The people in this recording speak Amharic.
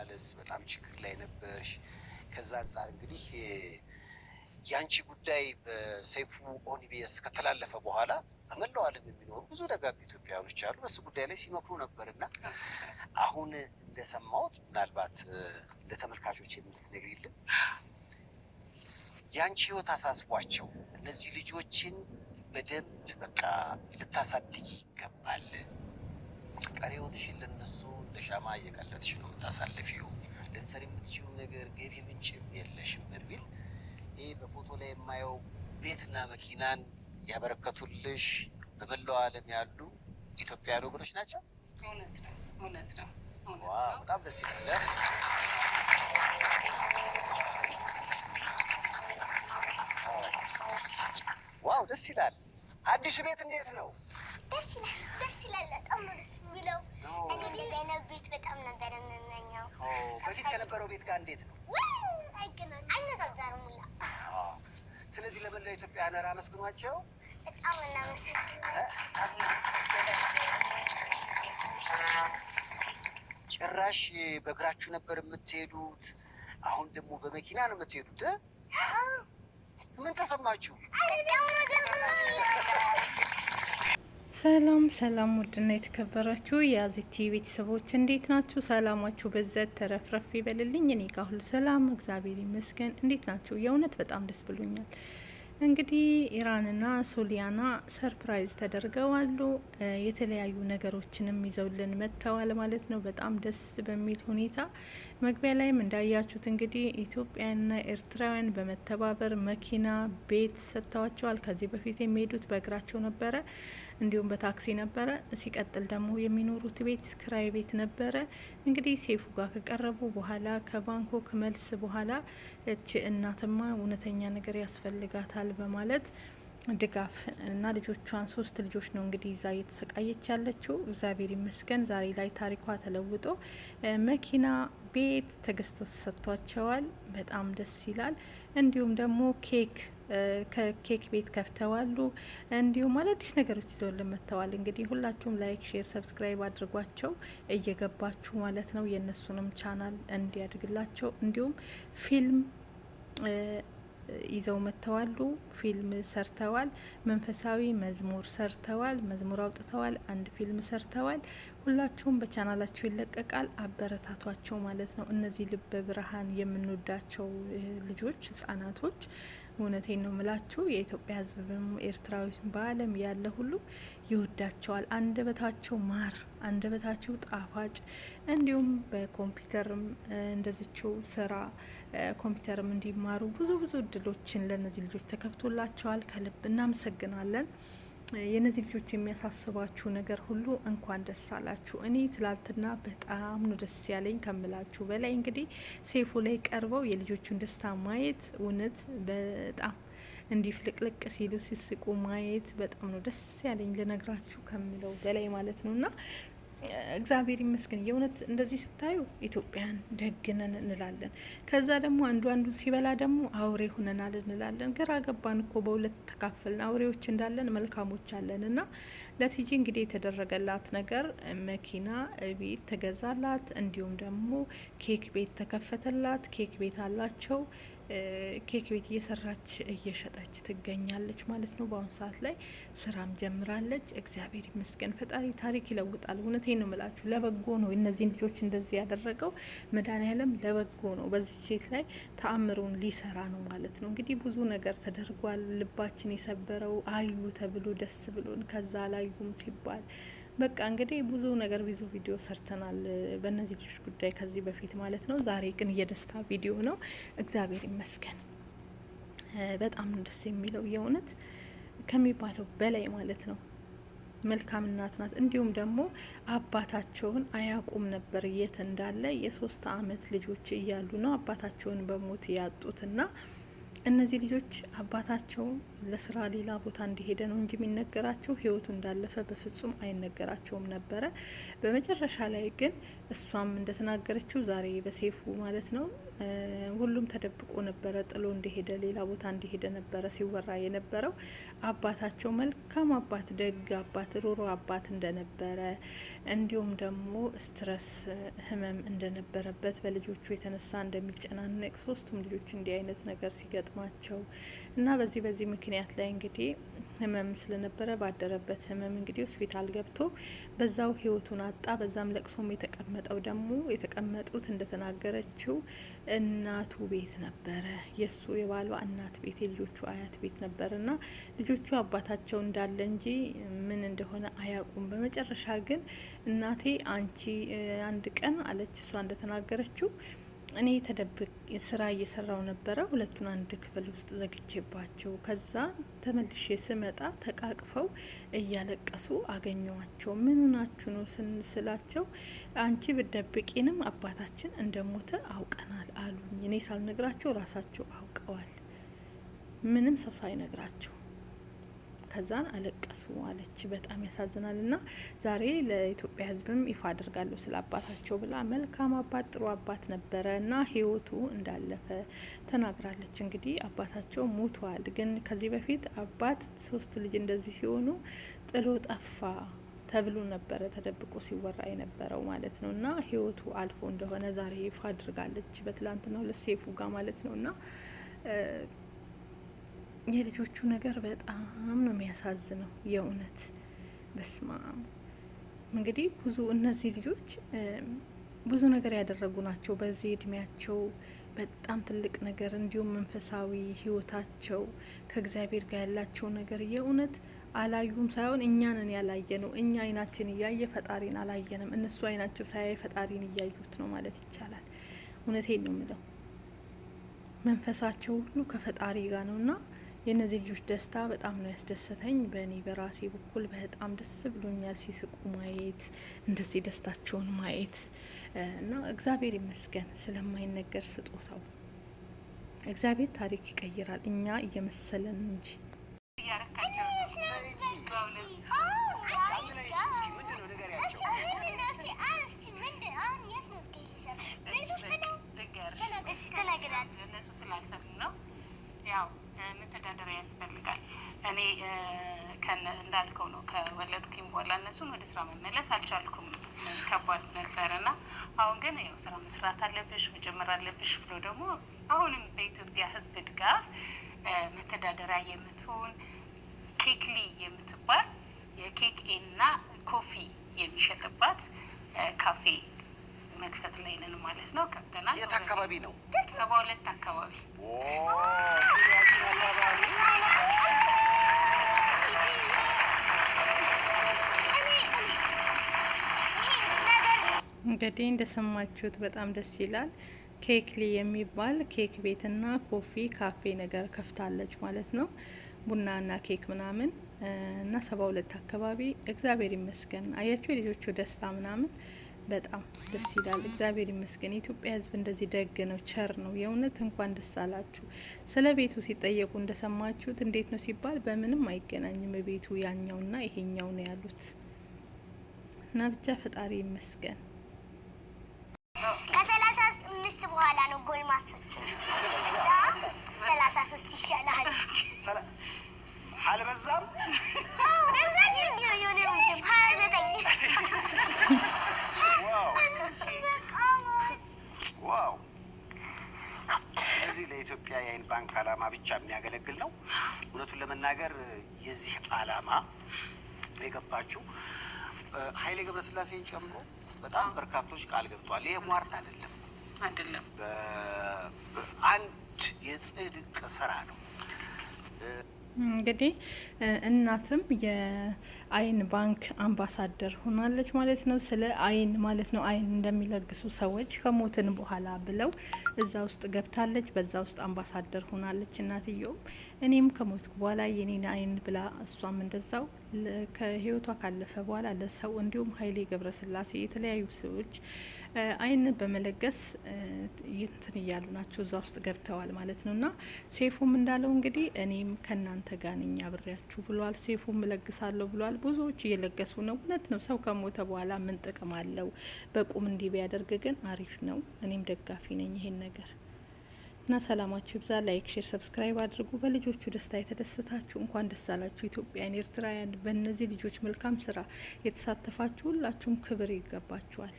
አለስ በጣም ችግር ላይ ነበርሽ። ከዛ አንጻር እንግዲህ የአንቺ ጉዳይ በሰይፉ ኦንቢኤስ ከተላለፈ በኋላ በመላው ዓለም የሚኖሩ ብዙ ደጋግ ኢትዮጵያውያኖች አሉ በሱ ጉዳይ ላይ ሲመክሩ ነበር እና አሁን እንደሰማሁት ምናልባት ለተመልካቾች የምትነግሪልን የአንቺ ህይወት አሳስቧቸው እነዚህ ልጆችን በደንብ በቃ ልታሳድጊ ይገባል ቀሪ ህይወትሽን ለነሱ እንደ ሻማ እየቀለጥሽ ነው የምታሳልፊው። ልትሰሪ የምትችሉ ነገር ገቢ ምንጭም የለሽም በሚል ይህ በፎቶ ላይ የማየው ቤትና መኪናን ያበረከቱልሽ በመላው ዓለም ያሉ ኢትዮጵያውያን ወገኖች ናቸው። እውነት ነው፣ እውነት ነው። በጣም ደስ ይላል። ዋው፣ ደስ ይላል። አዲሱ ቤት እንዴት ነው? ደስ ይላል፣ ደስ ይላል። እንዴት ነው? ስለዚህ ለመላ ኢትዮጵያ ነር አመስግኗቸው። ጭራሽ በእግራችሁ ነበር የምትሄዱት፣ አሁን ደግሞ በመኪና ነው የምትሄዱት። ምን ተሰማችሁ? ሰላም ሰላም፣ ውድና የተከበራችሁ ቲቪ ቤተሰቦች እንዴት ናችሁ? ሰላማችሁ በዘት ተረፍረፍ ይበልልኝ። እኔ ጋር ሁሉ ሰላም፣ እግዚአብሔር ይመስገን። እንዴት ናችሁ? የእውነት በጣም ደስ ብሎኛል። እንግዲህ ኢራንና ሶሊያና ሰርፕራይዝ ተደርገው አሉ። የተለያዩ ነገሮችንም ይዘውልን መጥተዋል ማለት ነው። በጣም ደስ በሚል ሁኔታ መግቢያ ላይም እንዳያችሁት እንግዲህ ኢትዮጵያንና ኤርትራውያን በመተባበር መኪና፣ ቤት ሰጥተዋቸዋል። ከዚህ በፊት የሚሄዱት በእግራቸው ነበረ፣ እንዲሁም በታክሲ ነበረ። ሲቀጥል ደግሞ የሚኖሩት ቤት ክራይ ቤት ነበረ። እንግዲህ ሴፉ ጋር ከቀረቡ በኋላ ከባንኮክ መልስ በኋላ እች እናትማ እውነተኛ ነገር ያስፈልጋታል በማለት ድጋፍ እና ልጆቿን ሶስት ልጆች ነው እንግዲህ ይዛ እየተሰቃየች ያለችው። እግዚአብሔር ይመስገን ዛሬ ላይ ታሪኳ ተለውጦ መኪና፣ ቤት ተገዝቶ ተሰጥቷቸዋል። በጣም ደስ ይላል። እንዲሁም ደግሞ ኬክ ከኬክ ቤት ከፍተዋሉ። እንዲሁም አዳዲስ ነገሮች ይዘውልን መጥተዋል። እንግዲህ ሁላችሁም ላይክ፣ ሼር፣ ሰብስክራይብ አድርጓቸው እየገባችሁ ማለት ነው የእነሱንም ቻናል እንዲያድግላቸው እንዲሁም ፊልም ይዘው መጥተዋሉ። ፊልም ሰርተዋል። መንፈሳዊ መዝሙር ሰርተዋል። መዝሙር አውጥተዋል። አንድ ፊልም ሰርተዋል። ሁላችሁም በቻናላቸው ይለቀቃል። አበረታቷቸው ማለት ነው። እነዚህ ልበ ብርሃን የምንወዳቸው ልጆች፣ ህጻናቶች እውነቴን ነው ምላችሁ። የኢትዮጵያ ህዝብ በሙ ኤርትራዊ በዓለም ያለ ሁሉ ይወዳቸዋል። አንደበታቸው ማር፣ አንደበታቸው ጣፋጭ እንዲሁም በኮምፒውተርም እንደዚችው ስራ ኮምፒውተርም እንዲማሩ ብዙ ብዙ እድሎችን ለእነዚህ ልጆች ተከፍቶላቸዋል። ከልብ እናመሰግናለን። የእነዚህ ልጆች የሚያሳስባችሁ ነገር ሁሉ እንኳን ደስ አላችሁ። እኔ ትላንትና በጣም ነው ደስ ያለኝ ከምላችሁ በላይ እንግዲህ ሴፉ ላይ ቀርበው የልጆቹን ደስታ ማየት እውነት በጣም እንዲህ ፍልቅልቅ ሲሉ ሲስቁ ማየት በጣም ነው ደስ ያለኝ ልነግራችሁ ከምለው በላይ ማለት ነው እና እግዚአብሔር ይመስገን የእውነት እንደዚህ ስታዩ ኢትዮጵያን ደግነን እንላለን። ከዛ ደግሞ አንዱ አንዱን ሲበላ ደግሞ አውሬ ሆነናል እንላለን። ግራ ገባን እኮ በሁለት ተካፈልን። አውሬዎች እንዳለን መልካሞች አለን። እና ለቲጂ እንግዲህ የተደረገላት ነገር መኪና ቤት ተገዛላት፣ እንዲሁም ደግሞ ኬክ ቤት ተከፈተላት። ኬክ ቤት አላቸው ኬክ ቤት እየሰራች እየሸጠች ትገኛለች ማለት ነው። በአሁኑ ሰዓት ላይ ስራም ጀምራለች። እግዚአብሔር ይመስገን። ፈጣሪ ታሪክ ይለውጣል። እውነቴ ነው ምላችሁ፣ ለበጎ ነው እነዚህን ልጆች እንደዚህ ያደረገው መድኃኒዓለም ለበጎ ነው። በዚች ሴት ላይ ተአምሩን ሊሰራ ነው ማለት ነው። እንግዲህ ብዙ ነገር ተደርጓል። ልባችን የሰበረው አዩ ተብሎ ደስ ብሎን ከዛ አላዩም ሲባል በቃ እንግዲህ ብዙ ነገር ብዙ ቪዲዮ ሰርተናል በእነዚህ ልጆች ጉዳይ ከዚህ በፊት ማለት ነው። ዛሬ ግን የደስታ ቪዲዮ ነው። እግዚአብሔር ይመስገን። በጣም ደስ የሚለው የእውነት ከሚባለው በላይ ማለት ነው። መልካም እናት ናት። እንዲሁም ደግሞ አባታቸውን አያውቁም ነበር የት እንዳለ የሶስት አመት ልጆች እያሉ ነው አባታቸውን በሞት ያጡትና እነዚህ ልጆች አባታቸው ለስራ ሌላ ቦታ እንደሄደ ነው እንጂ የሚነገራቸው ህይወቱ እንዳለፈ በፍጹም አይነገራቸውም ነበረ። በመጨረሻ ላይ ግን እሷም እንደተናገረችው ዛሬ በሴፉ ማለት ነው ሁሉም ተደብቆ ነበረ፣ ጥሎ እንደሄደ ሌላ ቦታ እንደሄደ ነበረ ሲወራ የነበረው። አባታቸው መልካም አባት፣ ደግ አባት፣ ሮሮ አባት እንደነበረ እንዲሁም ደግሞ ስትረስ ህመም እንደነበረበት በልጆቹ የተነሳ እንደሚጨናነቅ ሶስቱም ልጆች እንዲህ አይነት ነገር ሲገ ሲገጥማቸው እና በዚህ በዚህ ምክንያት ላይ እንግዲህ ህመም ስለነበረ ባደረበት ህመም እንግዲህ ሆስፒታል ገብቶ በዛው ህይወቱን አጣ። በዛም ለቅሶም የተቀመጠው ደግሞ የተቀመጡት እንደተናገረችው እናቱ ቤት ነበረ። የእሱ የባሏ እናት ቤት የልጆቹ አያት ቤት ነበር እና ልጆቹ አባታቸው እንዳለ እንጂ ምን እንደሆነ አያውቁም። በመጨረሻ ግን እናቴ አንቺ አንድ ቀን አለች እሷ እንደተናገረችው እኔ ተደብቅ ስራ እየሰራው ነበረ። ሁለቱን አንድ ክፍል ውስጥ ዘግቼባቸው ከዛ ተመልሼ ስመጣ ተቃቅፈው እያለቀሱ አገኘዋቸው። ምን ናችሁ ነው ስንስላቸው አንቺ ብደብቂንም አባታችን እንደሞተ አውቀናል አሉኝ። እኔ ሳልነግራቸው ራሳቸው አውቀዋል፣ ምንም ሰው ሳይነግራቸው ከዛን አለቀሱ አለች። በጣም ያሳዝናል። ና ዛሬ ለኢትዮጵያ ሕዝብም ይፋ አድርጋለሁ ስለ አባታቸው ብላ መልካም አባት፣ ጥሩ አባት ነበረ እና ህይወቱ እንዳለፈ ተናግራለች። እንግዲህ አባታቸው ሞቷል። ግን ከዚህ በፊት አባት ሶስት ልጅ እንደዚህ ሲሆኑ ጥሎ ጠፋ ተብሎ ነበረ ተደብቆ ሲወራ የነበረው ማለት ነው። እና ህይወቱ አልፎ እንደሆነ ዛሬ ይፋ አድርጋለች በትላንትናው ለሴፉ ጋር ማለት ነው እና የልጆቹ ነገር በጣም ነው የሚያሳዝነው። የእውነት በስማም እንግዲህ ብዙ እነዚህ ልጆች ብዙ ነገር ያደረጉ ናቸው። በዚህ እድሜያቸው በጣም ትልቅ ነገር እንዲሁም መንፈሳዊ ህይወታቸው ከእግዚአብሔር ጋር ያላቸው ነገር የእውነት አላዩም ሳይሆን እኛንን ያላየ ነው። እኛ አይናችን እያየ ፈጣሪን አላየንም። እነሱ አይናቸው ሳያየ ፈጣሪን እያዩት ነው ማለት ይቻላል። እውነቴን ነው ምለው መንፈሳቸው ሁሉ ከፈጣሪ ጋር ነውና የእነዚህ ልጆች ደስታ በጣም ነው ያስደሰተኝ። በእኔ በራሴ በኩል በጣም ደስ ብሎኛል፣ ሲስቁ ማየት፣ እንደዚህ ደስታቸውን ማየት እና እግዚአብሔር ይመስገን ስለማይነገር ስጦታው። እግዚአብሔር ታሪክ ይቀይራል፣ እኛ እየመሰለን እንጂ እንዳልከው ነው ከወለድኩኝ በኋላ እነሱን ወደ ስራ መመለስ አልቻልኩም። ከባድ ነበር እና አሁን ግን ያው ስራ መስራት አለብሽ መጀመር አለብሽ ብሎ ደግሞ አሁንም በኢትዮጵያ ሕዝብ ድጋፍ መተዳደሪያ የምትሆን ኬክሊ የምትባል የኬክ እና ኮፊ የሚሸጥባት ካፌ መክፈት ላይ ነን ማለት ነው። ከፍተናል። የት አካባቢ ነው? ሰባ ሁለት አካባቢ እንግዲህ እንደሰማችሁት በጣም ደስ ይላል። ኬክሊ የሚባል ኬክ ቤትና ኮፊ ካፌ ነገር ከፍታለች ማለት ነው። ቡናና ኬክ ምናምን እና ሰባ ሁለት አካባቢ እግዚአብሔር ይመስገን። አያቸው የልጆቹ ደስታ ምናምን በጣም ደስ ይላል። እግዚአብሔር ይመስገን። የኢትዮጵያ ሕዝብ እንደዚህ ደግ ነው፣ ቸር ነው። የእውነት እንኳን ደስ አላችሁ። ስለ ቤቱ ሲጠየቁ እንደሰማችሁት እንዴት ነው ሲባል በምንም አይገናኝም ቤቱ ያኛውና ይሄኛው ነው ያሉት እና ብቻ ፈጣሪ ይመስገን። የአይን ባንክ አላማ ብቻ የሚያገለግል ነው። እውነቱን ለመናገር የዚህ አላማ የገባችው ኃይሌ ገብረስላሴን ጨምሮ በጣም በርካቶች ቃል ገብቷል። ይሄ ሟርት አይደለም አይደለም፣ አንድ የጽድቅ ስራ ነው። እንግዲህ እናትም የአይን ባንክ አምባሳደር ሆናለች ማለት ነው። ስለ አይን ማለት ነው አይን እንደሚለግሱ ሰዎች ከሞትን በኋላ ብለው እዛ ውስጥ ገብታለች። በዛ ውስጥ አምባሳደር ሆናለች እናትየው። እኔም ከሞትኩ በኋላ የኔን አይን ብላ እሷም እንደዛው ከህይወቷ ካለፈ በኋላ ለሰው እንዲሁም ኃይሌ ገብረስላሴ የተለያዩ ሰዎች አይን በመለገስ እንትን እያሉ ናቸው፣ እዛ ውስጥ ገብተዋል ማለት ነው። እና ሴፉም እንዳለው እንግዲህ እኔም ከእናንተ ጋር ነኝ አብሬያችሁ ብሏል። ሴፉም እለግሳለሁ ብሏል። ብዙዎች እየለገሱ ነው። እውነት ነው። ሰው ከሞተ በኋላ ምን ጥቅም አለው? በቁም እንዲህ ቢያደርግ ግን አሪፍ ነው። እኔም ደጋፊ ነኝ ይሄን ነገር ና ሰላማችሁ ይብዛ። ላይክ፣ ሼር፣ ሰብስክራይብ አድርጉ። በልጆቹ ደስታ የተደሰታችሁ እንኳን ደስ አላችሁ። ኢትዮጵያን፣ ኤርትራውያን በእነዚህ ልጆች መልካም ስራ የተሳተፋችሁ ሁላችሁም ክብር ይገባችኋል።